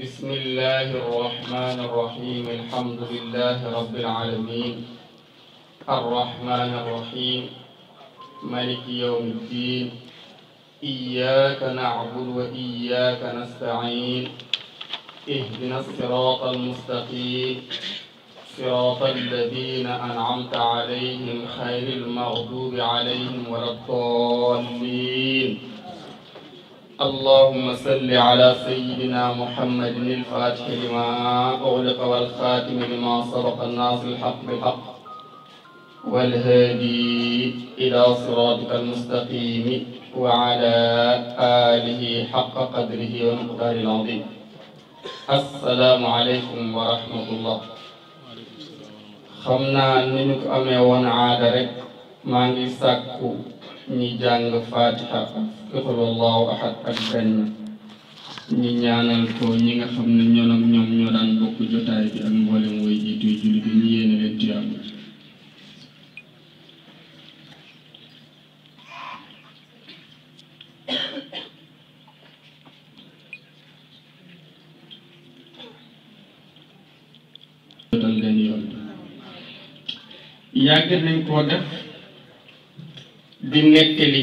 بسم الله الرحمن الرحيم الحمد لله رب العالمين الرحمن الرحيم مالك يوم الدين إياك نعبد وإياك نستعين اهدنا الصراط المستقيم صراط الذين أنعمت عليهم خير المغضوب عليهم ولا الضالين اللهم صل على سيدنا محمد الفاتح لما أغلق والخاتم لما سبق الناس الحق بالحق والهادي إلى صراطك المستقيم وعلى آله حق قدره ومقدار العظيم السلام عليكم ورحمة الله xam naa ni ñu ko amee woon aada rek maa ngi sàkku ñi jàng fatiha ak qul allahu ahad ak benn ñi ñaanal ko ñi nga xam ne ñoom ñoom ñoo daan bokk jotaay bi ak mboolem way jiitu julli bi ñu yéene leen tuyaab yàgg koo def di nettali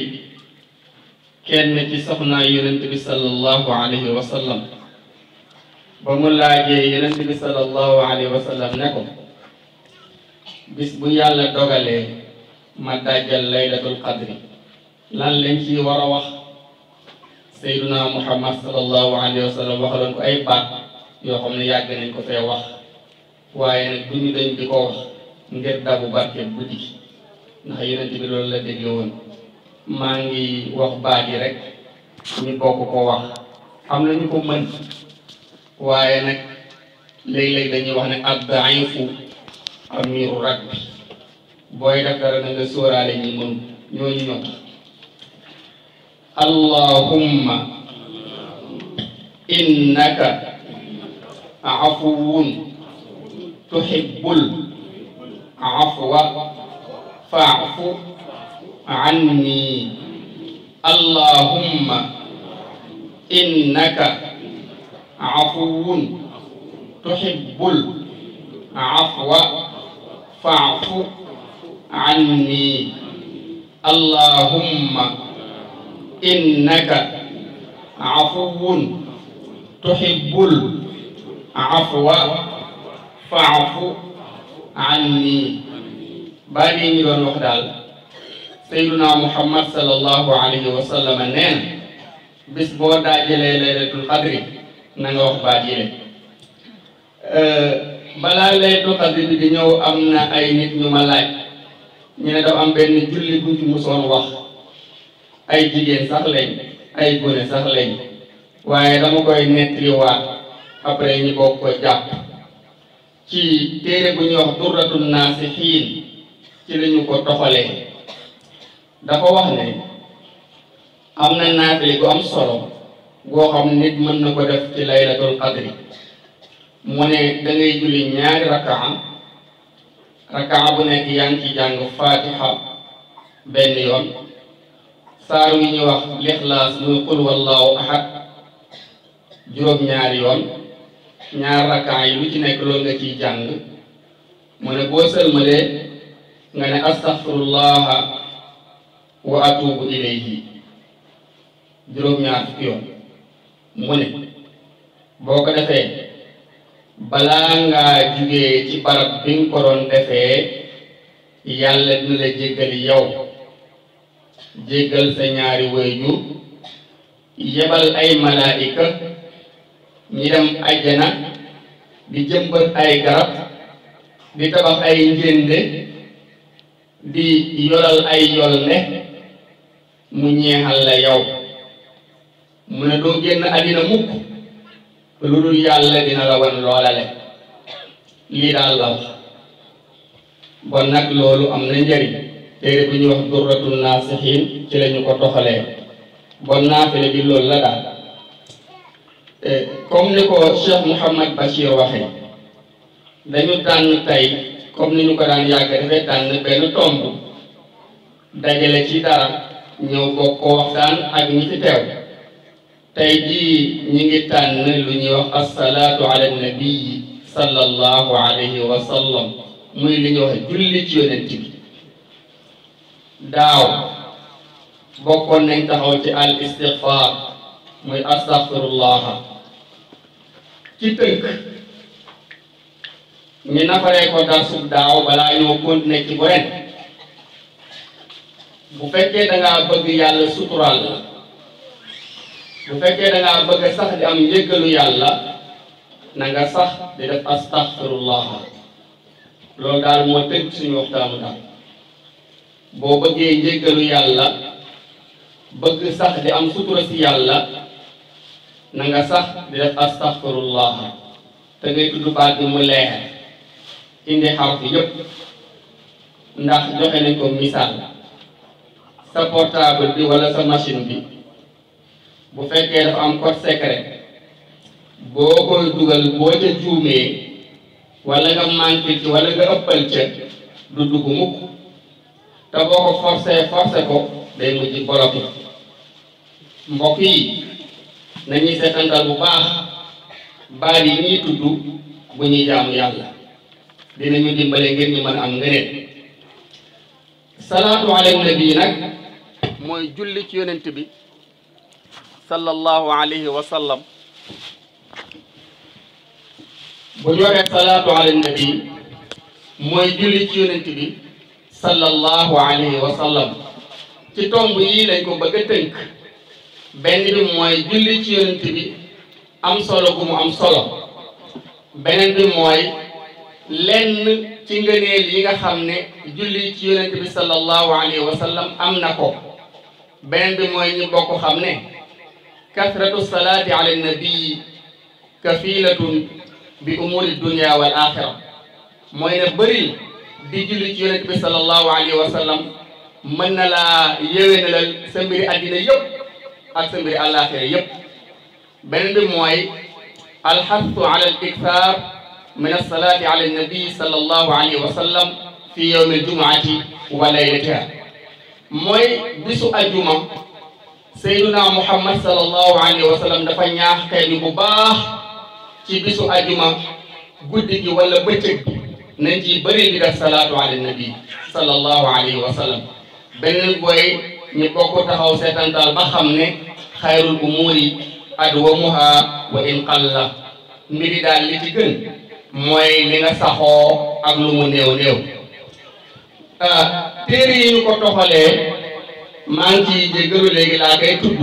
kenn ci soxnaa yonent bi sallallahu alayhi wa sallam ba mu laajee yonent bi sallallahu alayhi wa sallam ne ko bu yàlla dogalee ma dàjjal laylatul qadri lan lañ ci war a wax sayduna muhammad sallallahu alayhi wa sallam ko ay baat yoo xam ne yàgg nañ ko fee wax waaye nag du ñu dañ di ngir dabu barke guddi gi ndax yonent bi loolu la dégle maa ngi wax baat yi rek ñu bokk ko wax am na ñu ko mën waaye nag léeg-léeg dañuy wax ne ab daifu amiru rak booy def dara na nga sóoraale ñi mën ñooñu ñoo allahumma innaka afuwun tuhibbul afwa faafu anni allahumma innaka afuwun tuhibbul afwa faafu anni allahumma innaka afuwun tuhibbul afwa faafu anni baay bi ñu wax daal sayduna muhammad sallallahu alayhi wa neen bis boo daajalee laylatul qadri na nga wax baat yi euh, balaa laylatul qadri di ñëw am na ay nit ñu ma laaj ñu ne dafa am benn julli bu ci musoon wax ay jigéen sax lañ ay gone sax lañ waaye dama koy nettaliwaat après ñu bokk ko jàpp ci téere bu ñuy wax durratun naasixiin ci lañu ko toxalee dafa wax ne am na naafile gu am solo goo xam nit mën na ko def ci laylatul qadri mu ne dangay julli ñaari rakkaa rakkaa bu nekk yaa ngi ci jàng fatiha benn yoon saar wi ñuy wax lixlaas muy qul wallahu ahad juróom-ñaari yoon ñaar rakkaa yi lu ci nekk lool nga ciy jàng mu ne boo sëlmalee nga ne astaxfirullaha wa atuubu ilayhi juróom-ñaar fukki yoon mu ne boo ko defee balaa ngaa jugee ci barab bi nga ko defee yàlla dina la jéggal yow jéggal sa ñaari waajur yebal ay malaayika ñi dem ajjana di jëmbat ay garab di tabax ay njënde di yoral ay yolle mu ñeexal la yow mu ne doo génn àddina mukk lu dul yàlla dina la wan loolale lii daal la bon nag loolu am na njëriñ téere bu ñuy wax durratul naasixiin ci lañu ko toxalee bon naafile bi loolu la daal eh, comme ni ko Cheikh Mouhamad Bachir waxee dañu tànn tey comme ni ñu ko daan yàgg defee tànn benn tomb dajale ci dara ñëw bokk ko waxtaan ak ñi ci teew tey jii ñi ngi tànn lu ñuy wax assalaatu ala nabii sallallahu alayhi wa muy li ñuy wax julli ci yonent bi daaw bokkoon nañ taxaw ci al istighfar muy astaghfirullah ci tënk ñu nafaree ko darsub daaw balaa ñoo continuer ci bu ren bu fekkee da ngaa bëgg yàlla suturaal bu fekkee da ngaa sax di am njëggalu yàlla na nga sax di def astaxfirullah loolu daal moo tënk suñu waxtaanu daal boo bëggee njëggalu yàlla bëgg sax di am sutura si yàlla na nga sax di def astaxfirullah te ngay tudd baat bi mu leer indi xarf yëpp ndax joxe nañ ko misaal sa portable bi wala sa machine bi bu fekkee dafa am code secret boo koy dugal boo ca juumee wala nga manqué ci wala nga ëppal ca du dugg te boo ko forcé forcé ko day mujj bloqué mbokk yi nañuy seetantal bu baax baal yi ñuy tudd bu ñuy jaamu yàlla dinañu dimbale ngir ñu mën am ngëneel salaatu ala nabi nag mooy julli ci yonent bi sallallahu alayhi wa sallam bu ñu waxee salaatu ala nabi mooy julli ci yonent bi sallallahu alayhi wa sallam ci tomb yii lañ ko bëgg tënk benn bi mooy julli ci yonent bi am solo gu mu am solo beneen bi mooy lenn ci ngëneel yi nga xam ne julli ci yonent bi sallallahu wa sallam am na ko beneen bi mooy ñu bokk xam ne kasratu salaati ala nabii kafilatun bi umuri dunia wal axira mooy ne bëri di julli ci yonent bi sallallahu alayhi wa sallam mën na laa yéwénalal sa mbiri àddina yëpp ak bi mooy alxasu ala al min alsalati ala annabi sal allahu alayhi wa sallam fi yowmi aljumaati wa laylatiha mooy bisu ajjuma sayduna muhammad sal allahu alayhi wa sallam dafa ñaax kay bi bu baax ci bisu ajjuma guddi gi wala bëccëg nañ ci bëri di def salaatu ala nabi sal allahu alayhi wa sallam benn booy ñu bokk taxaw seetantal ba xam ne xayrul umuuri adwamuha wa in qalla mbiri daal li ci gën mooy li nga saxoo ak lu mu néew néew ah, téere ko toxalee maa ngi ciy jéggalu léegi laa koy tudd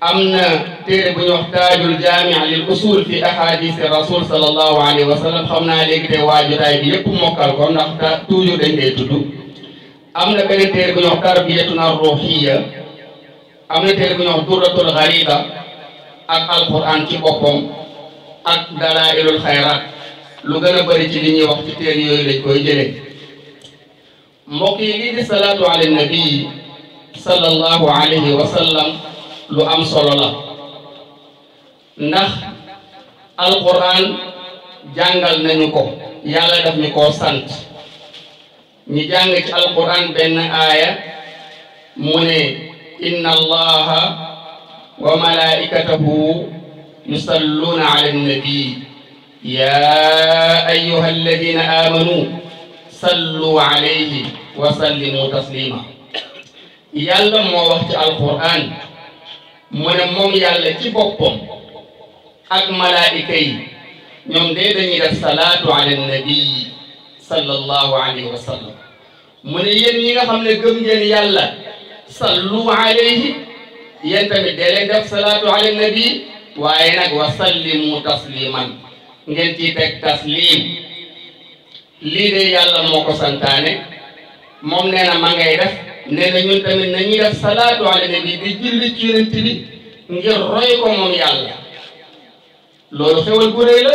am na téere bu ñu wax taajul jaami' lil usul fi ahadith rasul sallallahu alayhi wa sallam xam naa léegi te waajutaay bi yëpp mokkal ko ndax toujours dañ koy tudd am na benn téere bu ñu wax tarbiyatuna ruhiya am na téere bu ñu wax ghariba ak alquran ci boppam ak dalailul xayrat lu gën a bëri ci li ñuy wax ci téere yooyu lañ koy jëlee mbokk yi lii di salaatu ala nabi sallallahu alayhi wa sallam lu am solo la ndax jàngal nañu ko yàlla daf ñu koo sant ñu jàng ci alquran benn aaya mu ne inna allaha wa malaikatahu yusalluuna ala nabi يا أيها الذين آمنوا صلوا عليه وسلموا تسليما yàlla moo wax ci alquran mu moom yàlla ci boppam ak malaayika yi ñoom dee dañuy salaatu alayhi wa sallam mu ne yéen nga xam ne gëm ngeen yàlla sallu alayhi yéen tamit dee salaatu ala nabi waaye wa sallimu tasliman ngeen ciy teg tasliim lii de yàlla moo ko santaane moom nee na ma ngay def ñun tamit nañuy def salaatu ala nabi di julli ci yonent bi ngir roy ko moom yàlla loolu xewal gu la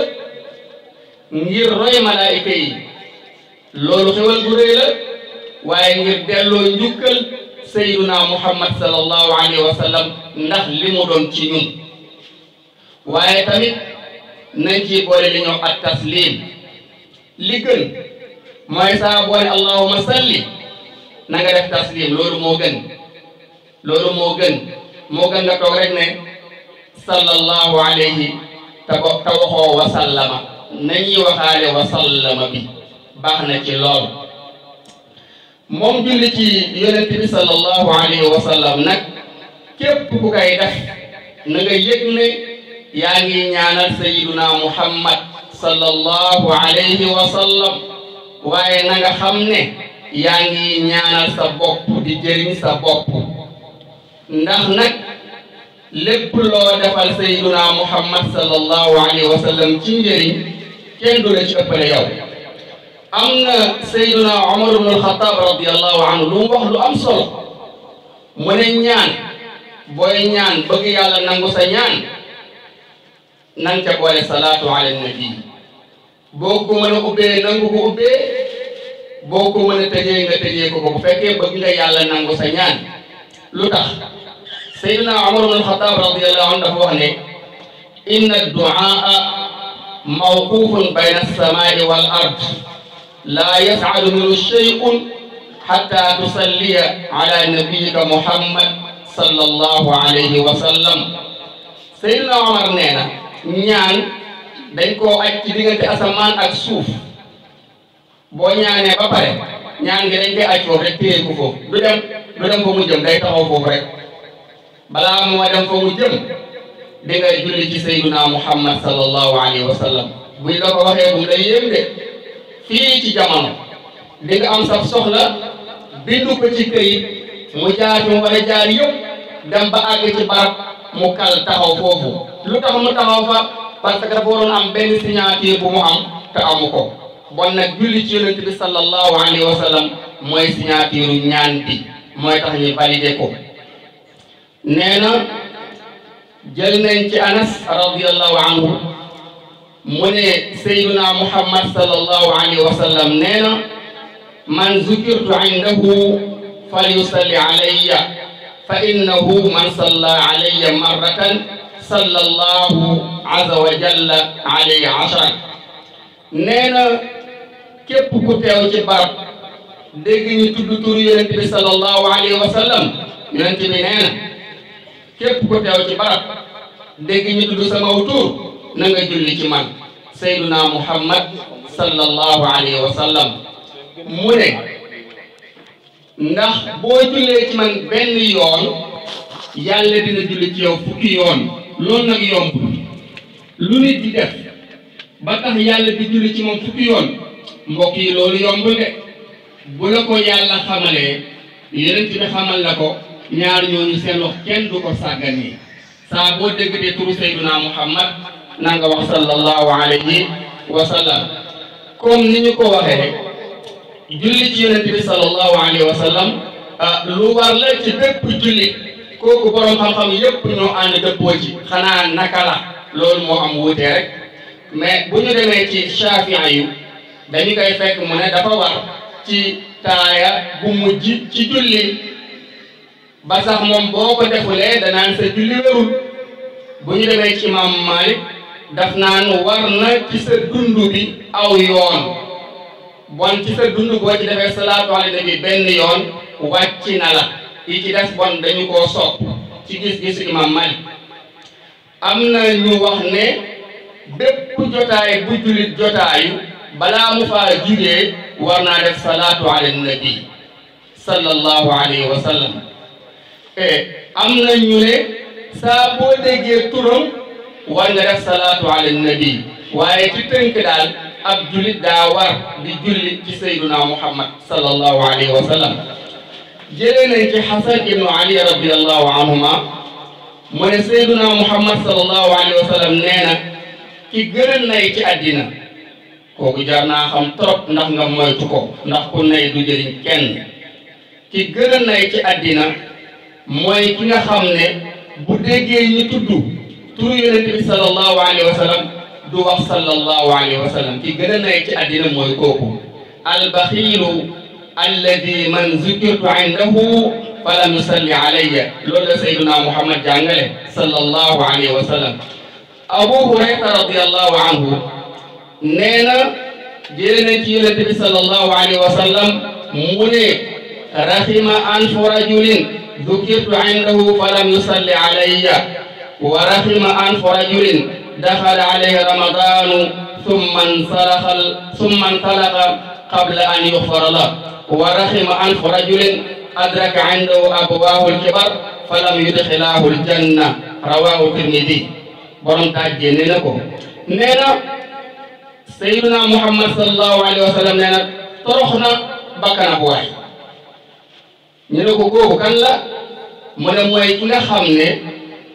ngir roy malaayika yi loolu xewal gu la waaye ngir delloo njukkal sayyiduna muhammad sallallahu alayhi wa sallam ndax li mu doon ci ñun waaye tamit nañ ci boole li ñoom ak taslim li gën mooy a boole allahuma salli na nga def taslim loolu moo gën loolu moo gën moo gën nga toog rek ne sallallahu alayhi te ko te waxoo wa sallama waxaale wa sallama bi baax na ci lool moom julli ci yonent bi sallallahu alayhi nag képp ku koy def na yëg ne yaa ngi ñaanal sayiduna muhammad sallallahu alayhi wa sallam waaye na nga xam ne yaa ngi ñaanal sa bopp di jëriñ sa bopp ndax nag lépp loo defal sayiduna muhammad sallallahu alayhi wa sallam ci njëriñ kenn du la ci ëppale am na sayiduna umar ibn alxataab am solo mu ne ñaan booy ñaan bëgg yàlla nangu sa ñaan na nga ca boole salaatu ala nabi boo ko mën a ubbee nangu ko ubbee boo ko mën a tëjee nga tëjee ko ko bu fekkee bëgg nga yàlla nangu sa ñaan lu tax sayyidina Umar ibn al-Khattab radiyallahu anhu dafa wax ne inna du'aa mawqufun bayna as-samaa'i wal ard laa yas'adu minhu shay'un hatta tusalliya ala nabiyyika muhammad sallallahu alayhi wa sallam sayyidina Umar nee na ñaan dañ koo aj ci diggante asamaan ak suuf boo ñaanee ba ñaan gi dañ koy aj foofu rek téye ko foofu du dem du dem fa mu jëm day taxaw foofu rek balaa moo dem fa mu jëm di nga ci sayyiduna muhammad sallallahu wa sallam buñ la ko waxee bu lay yéem fii ci jamono di am saf soxla bindu ko ci mu jaar war a jaar yëpp dem ba àgg barab mu kal taxaw foofu lu tax mu taxaw fa parce que dafa waroon am benn signature bu mu am te amu ko bon nag julli ci yonent bi sallallahu wa sallam mooy signature ñaan bi mooy tax ñu validé ko nee na jël nañ ci anas radiyallahu anhu mu ne muhammad sallallahu alayhi wa sallam nee man zukirtu indahu falyusalli alayya fa innahu man salla alayya marratan salla allahu azza wa jalla alayhi ashar nee na képp ku teew ci barab dégg ñu tudd tur yonent bi salla allahu wa sallam yonent bi nee na ku teew ci barab dégg ñu tudd samaw tur julli ci man sayduna muhammad salla allahu wa sallam mu ne ndax boo jullee ci man benn yoon yàlla dina julli ci yow fukki yoon lool nag yomb lu nit di def ba tax yàlla bi julli ci moom fukki yoon mbokk yi loolu yomb de bu la ko yàlla xamalee yonent bi xamal la ko ñaar ñooñu seen wax kenn du ko sàggani saa boo déggatee turu sayduna muhammad na nga wax sallallahu alayhi wa sallam comme ni ñu ko waxee julli ci yonent bi sallallahu alayhi wa ah lu war la ci bépp julli kooku borom xam-xam yépp ñoo ànd dëppoo ci xanaa naka la loolu moo am wuute rek mais bu ñu demee ci Shafi'i dañu koy fekk mu ne dafa war ci taaya bu mujj ci julli ba moom boo ko defulee danaan sa julli wérul bu ñu demee ci imam Malik daf naan war na ci sa dund aw yoon bon ci sa dund boo ci defee salaatu ala nabi benn yoon wàcc na yi ci des dañu ko sopp ci gis-gisu imam Malik am na ñu wax ne bépp jotaay bu jullit jotaayu balaa mu faa jugee war naa def salaatu ala nabi sallallahu alayhi e am na ñu ne saa boo déggee turam war nga def salaatu ala nabi waaye ci tënk daal ab jullit daa war di julli ci sayduna muhammad sallallahu alayhi wa sallam jëlee nañ ci xasan ibnu ali radiallahu anhuma mu ne muhammad salallahu alayhi wa sallam nee ki gënal ci àddina kooku jar naa xam trop ndax nga moytu ko ndax ku du jëriñ kenn ki gënal ci àddina mooy ki nga xam ne bu déggee ñu tudd turu yonent bi salallahu alayhi wa sallam du wax salallahu alayhi wa sallam ki gënal ci àddina mooy kooku albaxiilu alladi man zikirtu indahu falam yusalli alayya loolu la sayyiduna muhammad jàngale sallallahu alayhi wa sallam abu hurayra radiyallahu anhu nee na jëlee na ci yonent bi sallallahu alayhi wa sallam mu ne rahima alfu rajulin zukirtu indahu falam yusalli alayya wa rahima alfu rajulin daxala alayhi ramadanu summa insalaqa summa intalaqa qabla an yuxfara lahu wa rahima anfu rajulin adraka indahu abawaahu lkibar falam yudxilaahu ljanna rawaahu tirmidi borom tàjjee nee na ko nee na muhammad sallallahu alayhi wa sallam nee na torox waay ñu ne xam ne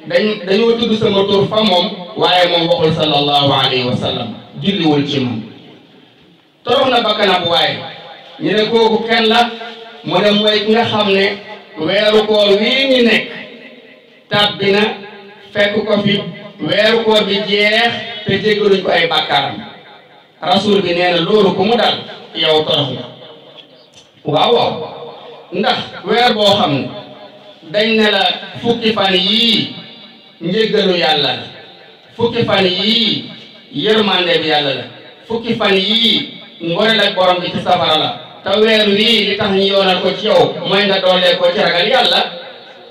dañ dañoo tudd sama tur fa moom waaye moom waxul sallallahu alayhi wa moom torox na bakkana bu ñu ne kooku kan la mu ne mooy nga xam ne weeru wii ñu nekk tàbbi na fekk ko fi weeru bi jeex te jéggaluñ ko ay bàkkaaram rasul bi nee na loolu ku mu dal yow torox nga waaw ndax weer boo xam ne dañ ne la fukki fan yii njéggalu yàlla la fukki fan yii yërmande yàlla la fukki fan yii ngoreel ak borom bi ci safara la te weer wii li tax ñu yoonal ko ci yow mooy nga doolee ko ci ragal yàlla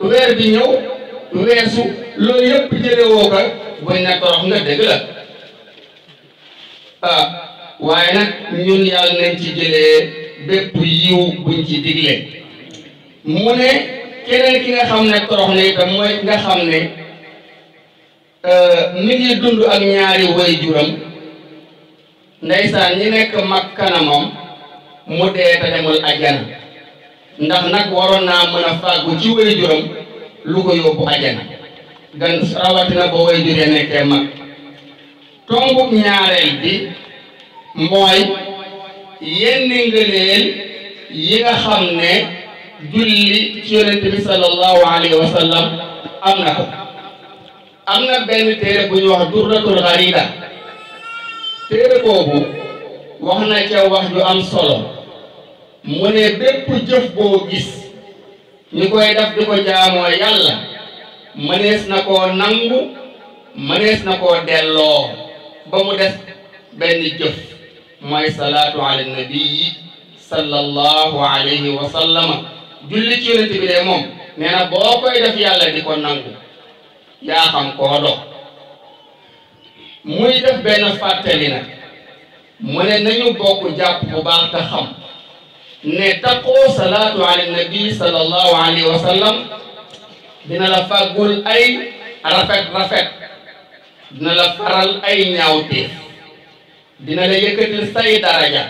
weer bi ñëw weesu loolu yëpp jëlewoo ko buñ ne torox nga dëgg la ah, waaye nag ñun yàlla nañ ci jëlee bépp yiw buñ ci digle mu ne keneen ki nga xam ne torox na itam mooy nga xam ne ah, mi ngi dund ak ñaari way juram ndeysaan ñi nekk mag kanamam mu dee te demul ajjana ndax nag waroon naa mën a fàggu ci waajuram lu ko yóbbu ajjana gan rawatina boo waajuree nekkee mag tombub ñaareel bi mooy yenn ngëneel yi nga xam ne julli ci yonent bi sallallahu alayhi wa am na ko am na benn téere bu ñu wax durratul xarida téere boobu wax na ca wax ju am solo mu ne bépp jëf boo gis ñu koy def di ko jaamoo yàlla mënees na ko nangu mënees na koo delloo ba mu des benn jëf mooy salaatu ala nabii sallallahu alayhi wa sallama julli ci yonent bi de moom nee na boo koy def yàlla di ko nangu yaa xam koo dox muy def benn fàttali na mu ne nañu bokk jàpp bu baax xam ne taqoo salaatu ala nabi sallallahu alayhi wa sallam dina la fàggul ay rafet rafet dina la faral ay ñaawteef dina la yëkkatil say daraja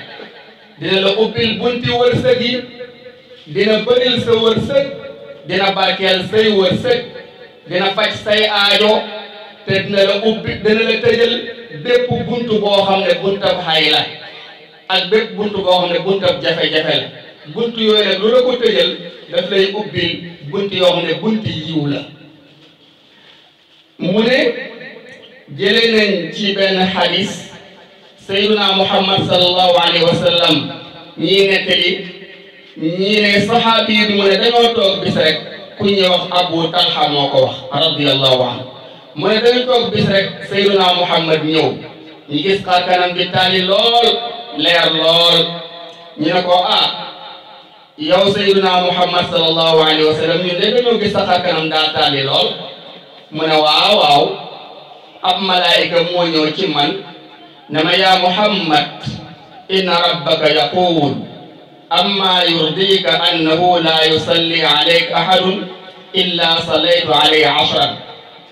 dina la ubbil bunti wërsëg dina bëril sa wërsëg dina barkeel say wërsëg dina faj say aajo te dina la ubbi dina la tëjal bépp buntu boo xam ne buntab la ak bépp buntu boo xam ne buntu ab jafe-jafe la buntu lu la ko tëjal daf lay ubbil buntu yoo ne buntu yiw la mu ne jële ci benn xadis sayyiduna muhammad sallallahu alayhi wa sallam ñii nettali ñii ne saxaabi mu ne dañoo toog bis rek ku ñuy wax abu talha moo ko wax radiyallahu anhu mu ne dañu toog bis rek sayyiduna muhammad ñëw ñu gis xar kanam bi taali lool leer lool ñu ne ko ah yow sayyiduna muhammad sallallahu alayhi wa sallam ñun de dañoo gis sa xar kanam daa taali lool mu ne waaw waaw ab malaayika moo ñëw ci man ne ma yaa muhammad inna rabbaka yaqul amma yurdika annahu la yusalli alayka ahadun illa sallaytu alayhi ashran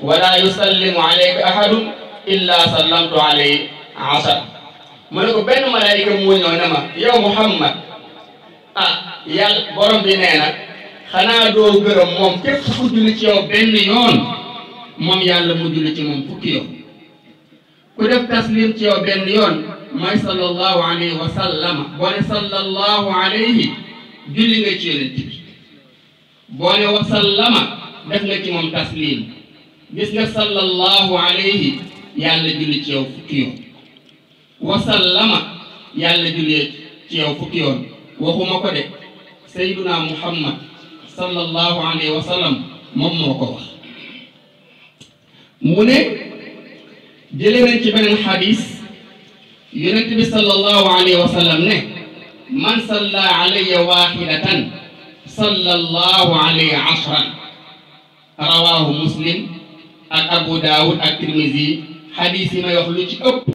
wa la yusallimu alayka ahadun illa sallamtu alayhi ashran ma ne ko benn malaayika moo ñëw ne ma yow Muhammad ah yàlla borom bi nee na xanaa doo gërëm moom képp ku julli ci yow benn yoon moom yàlla mu julli ci moom fukki yoon ku def taslim ci yow benn yoon mooy sallallahu alayhi wa sallama boo ne sallallahu julli nga ci yonent bi boo ne wa sallama def nga ci moom taslim gis nga sallallahu alayhi yàlla julli ci yow fukki yoon wasallama yàlla jullee ci yow fukki yoon waxuma ko de sayduna muhammad sallallahu alayhi wa wax mu ne jële nañ ci beneen xadis yonent bi sallallahu ne man salla alayya waxidatan sallallahu alayhi ashran rawahu muslim ak abu daawud ak tirmisi xadis yi may ci ëpp